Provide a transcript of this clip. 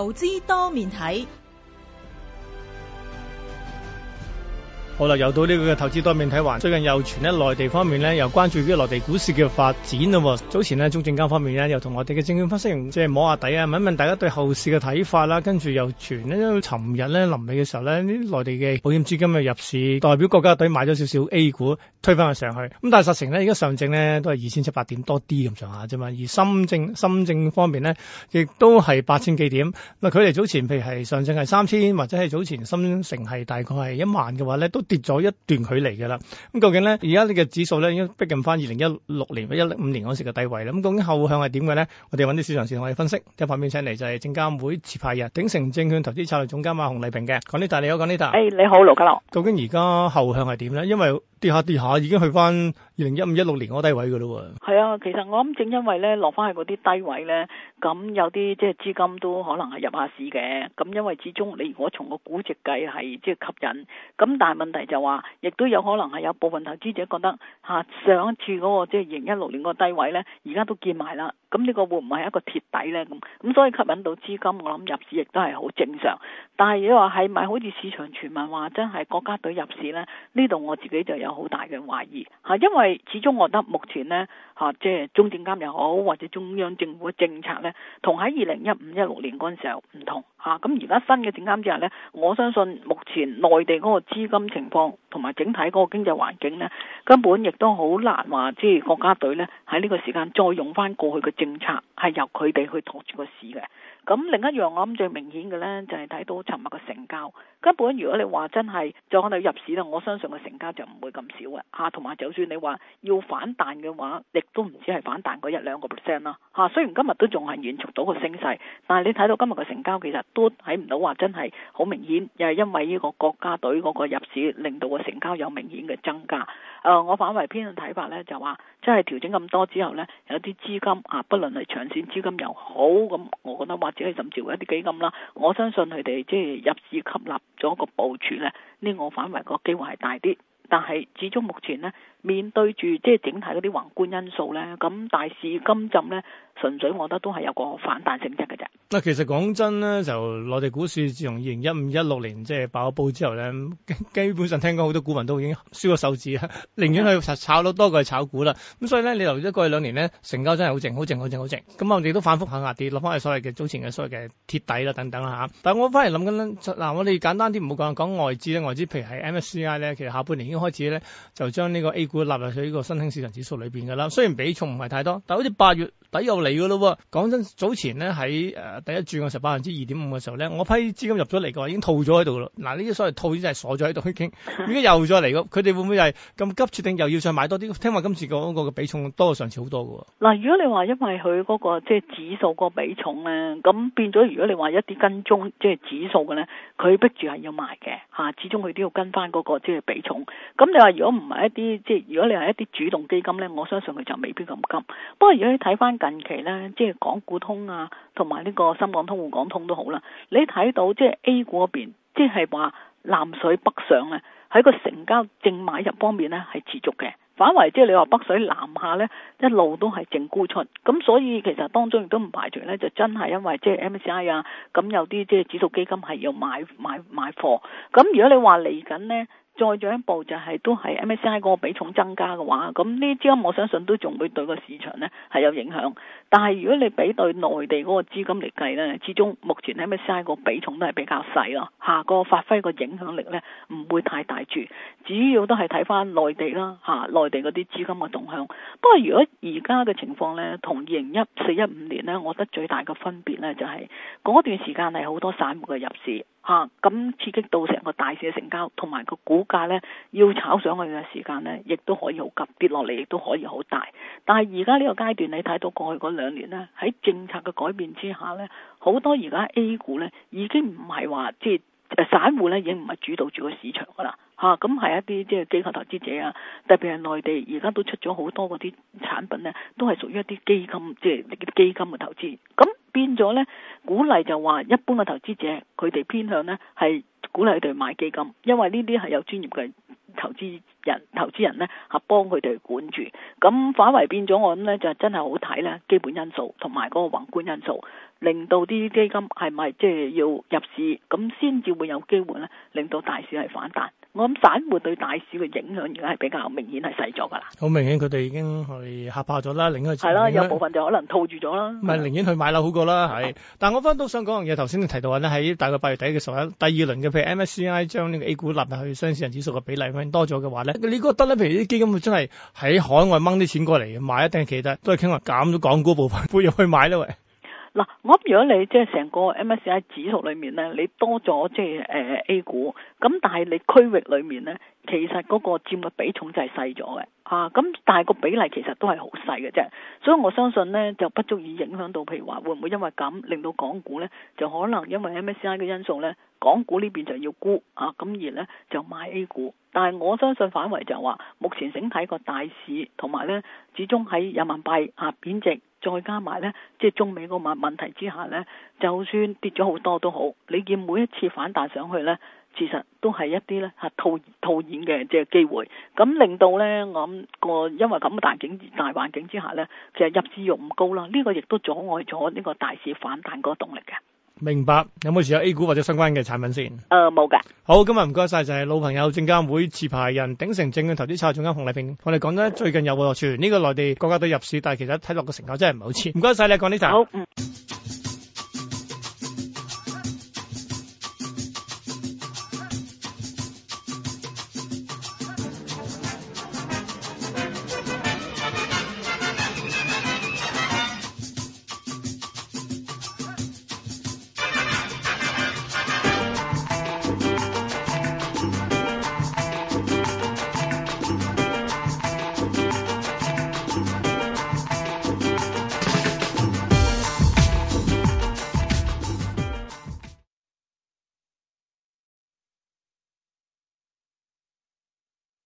投資多面睇。好喇，又到呢個投資多面睇環，最近又傳咧內地方面咧又關注啲內地股市嘅發展喎，早前呢，中證監方面咧又同我哋嘅證券分析員即係摸下底啊，問一問大家對後市嘅睇法啦。跟住又傳呢，尋日咧臨尾嘅時候呢，啲內地嘅保險資金嘅入市，代表國家隊買咗少少 A 股，推返去上去。咁但係實情呢，而家上證呢，都係二千七百點多啲咁上下啫嘛。而深證深證方面呢，亦都係八千幾點。咁啊，佢哋早前譬如係上證係三千，或者係早前深成係大概係一萬嘅話咧，都跌咗一段距離嘅啦，咁究竟咧而家呢個指數咧已經逼近翻二零一六年或一五年嗰時嘅低位啦，咁究竟後向係點嘅咧？我哋揾啲市場線同你分析，即係旁邊，請嚟就係證監會持牌人鼎成證券投資策略總監啊，熊麗萍嘅，講呢。大你可講呢，大，誒你好，盧家樂。究竟而家後向係點咧？因為。跌下跌下，已經去翻二零一五一六年嗰低位嘅咯。係啊，其實我諗，正因為咧落翻去嗰啲低位咧，咁有啲即係資金都可能係入下市嘅。咁因為始終你如果從個估值計係即係吸引，咁但係問題就話，亦都有可能係有部分投資者覺得嚇、啊、上一次嗰、嗰個即係二零一六年嗰低位咧，而家都見埋啦。咁呢個會唔會係一個鐵底呢？咁咁所以吸引到資金，我諗入市亦都係好正常。但係如果話係咪好似市場傳聞話真係國家隊入市呢？呢度我自己就有好大嘅懷疑吓，因為始終我覺得目前呢，即係中證監又好或者中央政府嘅政策呢，同喺二零一五一六年嗰陣時候唔同。啊！咁而家新嘅證監之下呢，我相信目前內地嗰個資金情況同埋整體嗰個經濟環境呢，根本亦都好難話，即係國家隊呢，喺呢個時間再用翻過去嘅政策，係由佢哋去托住個市嘅。咁另一樣我諗最明顯嘅呢，就係睇到尋日嘅成交。根本如果你話真係再我哋入市，我相信個成交就唔會咁少嘅嚇。同埋就算你話要反彈嘅話，亦都唔止係反彈嗰一兩個 percent 啦嚇。雖然今日都仲係延續到個升勢，但係你睇到今日嘅成交其實都睇唔到話真係好明顯，又係因為呢個國家隊嗰個入市令到個成交有明顯嘅增加。誒、呃，我反為偏向睇法咧，就話，即係調整咁多之後咧，有啲資金啊，不論係長線資金又好，咁我覺得或者係甚至乎一啲基金啦，我相信佢哋即係入市吸納咗個部署咧，呢個我反為個機會係大啲。但係始終目前咧，面對住即係整體嗰啲宏觀因素咧，咁大市今浸咧，純粹我覺得都係有個反彈性質嘅啫。嗱，其實講真咧，就內地股市自從二零一五一六年即係、就是、爆咗煲之後咧，基本上聽講好多股民都已經輸咗手指啊，寧願去炒樓多過去炒股啦。咁所以咧，你留意咗過去兩年咧，成交真係好靜，好靜，好靜，好靜。咁我哋都反覆下壓跌，落翻係所謂嘅早前嘅所謂嘅鐵底啦等等啦嚇，但係我反而諗緊，嗱，我哋簡單啲唔好講，講外資咧，外資譬如係 MSCI 咧，其實下半年已經開始咧，就將呢個 A 股納入去呢個新興市場指數裏邊噶啦。雖然比重唔係太多，但係好似八月底又嚟噶咯。講真，早前咧喺誒第一轉個百分之二點五嘅時候咧，我批資金入咗嚟嘅話，已經套咗喺度咯。嗱，呢啲所謂套已經係鎖咗喺度去傾。如果又再嚟嘅，佢哋會唔會係咁急決定又要再買多啲？聽話今次個嗰個嘅比重多過上次好多嘅。嗱，如果你話因為佢嗰個即係指數個比重咧，咁變咗。如果你話一啲跟蹤即係指數嘅咧，佢逼住係要賣嘅吓，始終佢都要跟翻嗰個即係比重。咁你話如果唔係一啲即係如果你係一啲主動基金呢，我相信佢就未必咁急。不過如果你睇翻近期呢，即係港股通啊，同埋呢個深港通、滬港通都好啦。你睇到即係 A 股嗰邊，即係話南水北上呢，喺個成交淨買入方面呢係持續嘅。反為即係你話北水南下呢，一路都係淨沽出。咁所以其實當中亦都唔排除呢，就真係因為即係 MSCI 啊，咁有啲即係指數基金係要買買買貨。咁如果你話嚟緊呢。再進一步就係都係 MSCI 嗰個比重增加嘅話，咁呢啲資金我相信都仲會對個市場呢係有影響。但係如果你比對內地嗰個資金嚟計呢，始終目前 MSCI 個比重都係比較細咯。下、啊那個發揮個影響力呢唔會太大住，主要都係睇翻內地啦，嚇、啊、內地嗰啲資金嘅動向。不過如果而家嘅情況呢，同二零一四一五年呢，我覺得最大嘅分別呢就係、是、嗰段時間係好多散戶嘅入市。咁、啊、刺激到成個大市嘅成交，同埋個股價咧，要炒上去嘅時間咧，亦都可以好急，跌落嚟亦都可以好大。但係而家呢個階段，你睇到過去嗰兩年咧，喺政策嘅改變之下咧，好多而家 A 股咧已經唔係話即係散戶咧，已經唔係主導住個市場㗎喇。咁、啊、係一啲即係機構投資者啊，特別係內地而家都出咗好多嗰啲產品咧，都係屬於一啲基金，即係基金嘅投資咁。變咗咧，鼓勵，就話一般嘅投資者，佢哋偏向咧係鼓勵佢哋買基金，因為呢啲係有專業嘅投資。人投資人咧，嚇幫佢哋管住，咁反為變咗我諗咧，就真係好睇咧，基本因素同埋嗰個宏觀因素，令到啲基金係咪即係要入市，咁先至會有機會咧，令到大市係反彈。我諗散戶對大市嘅影響而家係比較明顯係細咗噶啦。好明顯，佢哋已經係嚇怕咗啦，令佢係啦，有部分就可能套住咗啦。咪寧願去買樓好過啦，係。但係我翻到想講樣嘢，頭先你提到話咧，喺大概八月底嘅時候，第二輪嘅譬如 MSCI 將呢個 A 股納入去上市人指數嘅比例，可能多咗嘅話咧。你覺得咧？譬如啲基金會真係喺海外掹啲錢過嚟買一啲其他，都係傾話減咗港股部分，搬入去買咧。喂，嗱，我諗如果你即係成個 MSCI 指數裏面咧，你多咗即係誒 A 股，咁但係你區域裏面咧，其實嗰個佔嘅比重就係細咗嘅。啊，咁但係個比例其實都係好細嘅啫，所以我相信呢就不足以影響到，譬如話會唔會因為咁令到港股呢，就可能因為 MSCI 嘅因素呢，港股呢邊就要沽啊，咁而呢就買 A 股。但係我相信反為就係話，目前整體個大市同埋呢始終喺人民幣啊貶值，再加埋呢即係、就是、中美嗰個問問題之下呢，就算跌咗好多都好，你見每一次反彈上去呢。其實都係一啲咧吓套套現嘅即係機會，咁令到咧我諗個因為咁嘅大景大環境之下咧，其實入市欲唔高啦，呢個亦都阻礙咗呢個大市反彈個動力嘅。明白，有冇持有 A 股或者相關嘅產品先？誒冇嘅。好，今日唔該晒，就係老朋友證監會持牌人鼎成證券投資策略總監熊麗萍。我哋講緊最近有流傳呢個內地國家隊入市，但係其實睇落個成交真係唔係好錢。唔該晒你講呢集。